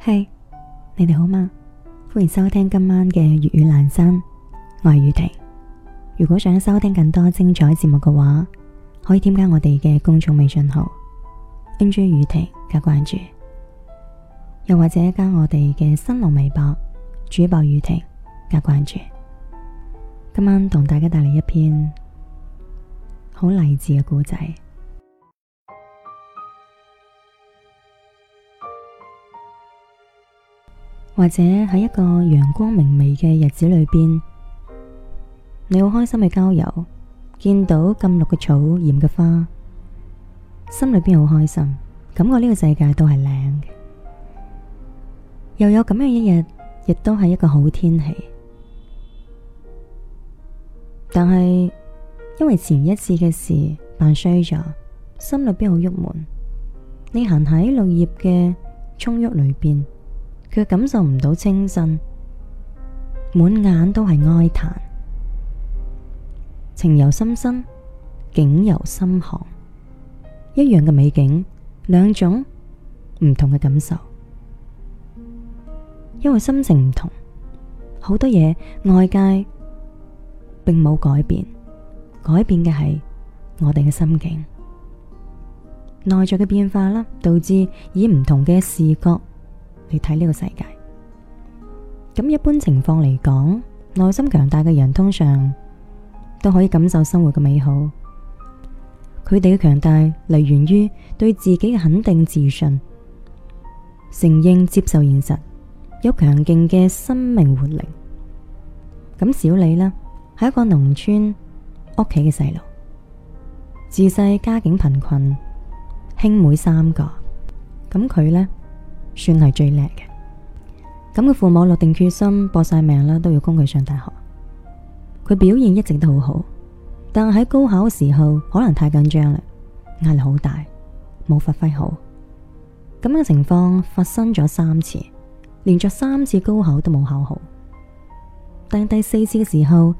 嘿，hey, 你哋好嗎？歡迎收聽今晚嘅粵語闌珊，我係雨婷。如果想收聽更多精彩節目嘅話，可以添加我哋嘅公眾微信號 n z 雨婷加關注，又或者加我哋嘅新浪微博主播雨婷加關注。今晚同大家帶嚟一篇好勵志嘅故仔。或者喺一個陽光明媚嘅日子裏邊，你好開心去郊遊，見到咁綠嘅草、艷嘅花，心裏邊好開心，感覺呢個世界都係靚嘅。又有咁樣一日，亦都係一個好天氣。但係因為前一次嘅事辦衰咗，心裏邊好鬱悶。你行喺綠葉嘅葱鬱裏邊。佢感受唔到清新，滿眼都係哀嘆，情由心生，景由心看，一樣嘅美景，兩種唔同嘅感受，因為心情唔同，好多嘢外界並冇改變，改變嘅係我哋嘅心境，內在嘅變化啦，導致以唔同嘅視角。你睇呢個世界，咁一般情況嚟講，內心強大嘅人通常都可以感受生活嘅美好。佢哋嘅強大嚟源於對自己嘅肯定自信，承認接受現實，有強勁嘅生命活力。咁小李呢，係一個農村屋企嘅細路，自細家境貧困，兄妹三個，咁佢呢。算係最叻嘅，咁嘅父母落定決心，搏晒命啦，都要供佢上大學。佢表現一直都好好，但喺高考嘅時候可能太緊張啦，壓力好大，冇發揮好。咁嘅情況發生咗三次，連續三次高考都冇考好。但係第四次嘅時候，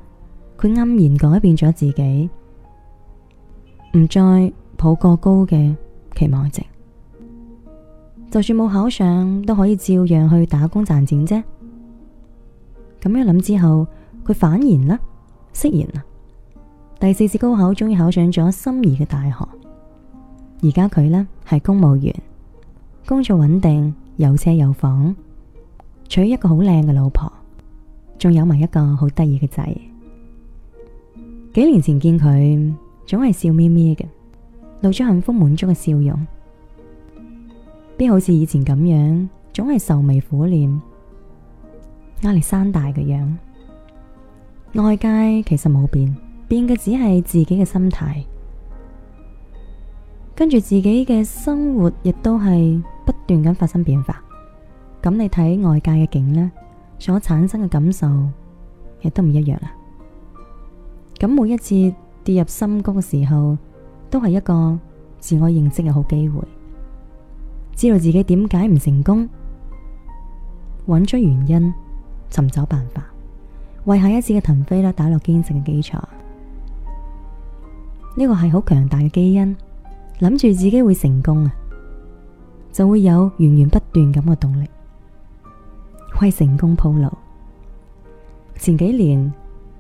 佢黯然改變咗自己，唔再抱過高嘅期望值。就算冇考上，都可以照樣去打工賺錢啫。咁樣諗之後，佢反而啦，釋然啦。第四次高考終於考上咗心儀嘅大學，而家佢呢，係公務員，工作穩定，有車有房，娶一個好靚嘅老婆，仲有埋一個好得意嘅仔。幾年前見佢，總係笑眯眯嘅，露出幸福滿足嘅笑容。邊好似以前咁樣總係愁眉苦臉、壓力山大嘅樣。外界其實冇變，變嘅只係自己嘅心態，跟住自己嘅生活亦都係不斷咁發生變化。咁你睇外界嘅景呢，所產生嘅感受亦都唔一樣啦。咁每一次跌入深谷嘅時候，都係一個自我認識嘅好機會。知道自己點解唔成功，揾出原因，尋找辦法，為下一次嘅騰飛咧打落堅實嘅基礎。呢個係好強大嘅基因，諗住自己會成功啊，就會有源源不斷咁嘅動力，為成功鋪路。前幾年，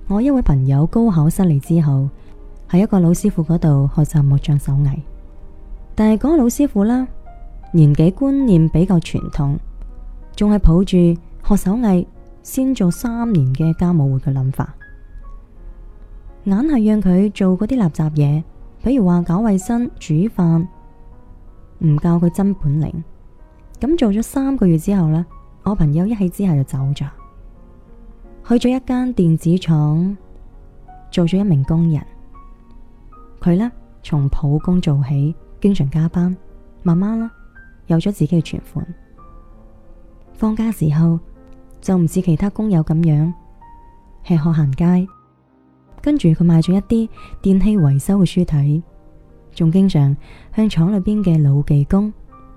我一位朋友高考失利之後，喺一個老師傅嗰度學習木匠手藝，但係嗰個老師傅啦。年紀觀念比較傳統，仲係抱住學手藝先做三年嘅家務活嘅諗法，硬係讓佢做嗰啲垃圾嘢，比如話搞衛生、煮飯，唔教佢真本領。咁做咗三個月之後呢，我朋友一氣之下就走咗，去咗一間電子廠做咗一名工人。佢呢，從普工做起，經常加班，慢慢啦。有咗自己嘅存款，放假時候就唔似其他工友咁樣吃喝行街，跟住佢買咗一啲電器維修嘅書睇，仲經常向廠裏邊嘅老技工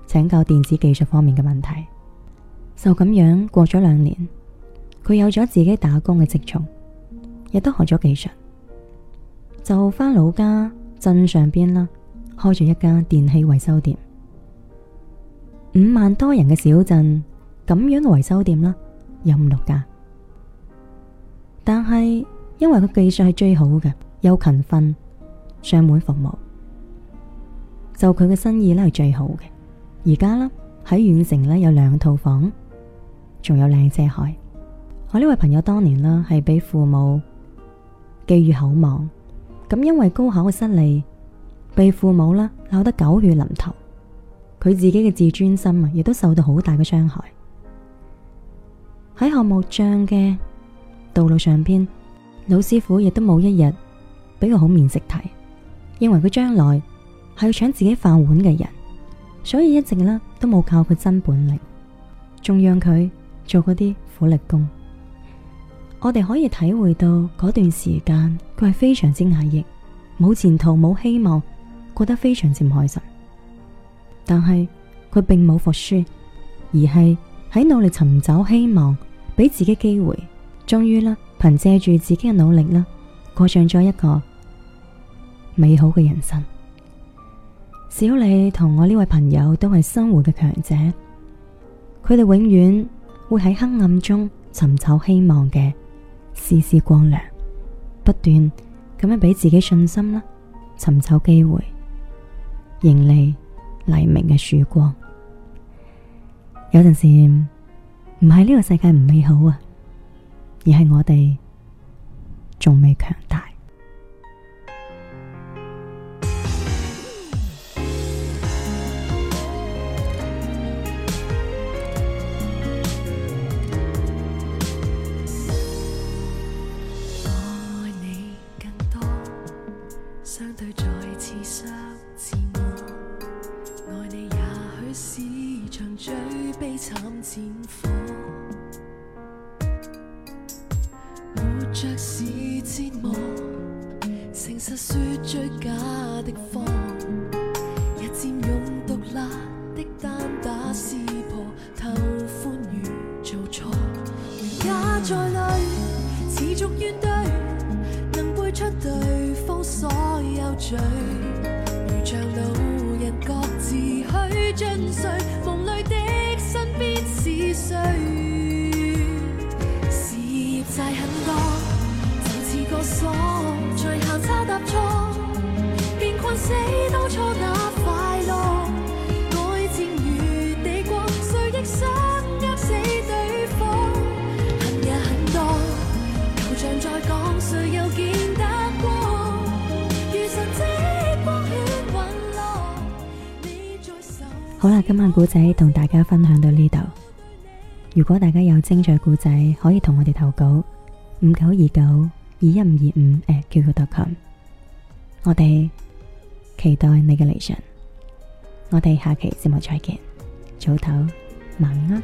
請教電子技術方面嘅問題。就咁樣過咗兩年，佢有咗自己打工嘅積蓄，亦都學咗技術，就翻老家鎮上邊啦，開住一間電器維修店。五萬多人嘅小鎮，咁樣嘅維修店啦，有五六家。但係因為佢技術係最好嘅，又勤奮上門服務，就佢嘅生意咧係最好嘅。而家啦喺縣城咧有兩套房，仲有靚車海。我呢位朋友當年啦係俾父母寄予厚望，咁因為高考嘅失利，被父母啦鬧得狗血淋頭。佢自己嘅自尊心啊，亦都受到好大嘅傷害。喺學木匠嘅道路上邊，老師傅亦都冇一日俾佢好面色睇，認為佢將來係要搶自己飯碗嘅人，所以一直咧都冇教佢真本領，仲讓佢做嗰啲苦力工。我哋可以體會到嗰段時間佢係非常之壓抑，冇前途冇希望，過得非常之唔開心。但係佢並冇服輸，而係喺努力尋找希望，俾自己機會。終於啦，憑借住自己嘅努力啦，過上咗一個美好嘅人生。小李同我呢位朋友都係生活嘅強者，佢哋永遠會喺黑暗中尋找希望嘅絲絲光亮，不斷咁樣俾自己信心啦，尋找機會，迎嚟。黎明嘅曙光，有陣時唔係呢個世界唔美好啊，而係我哋仲未強大。着是折磨，誠實説最假的謊，日漸用毒辣的單打撕破，偷歡愉做錯，回家再累，持續怨對，能背出對方所有罪。今晚古仔同大家分享到呢度。如果大家有精彩古仔，可以同我哋投稿五九二九二一五二五 @，qq.com。我哋期待你嘅嚟信。我哋下期節目再見。早唞，晚安啊。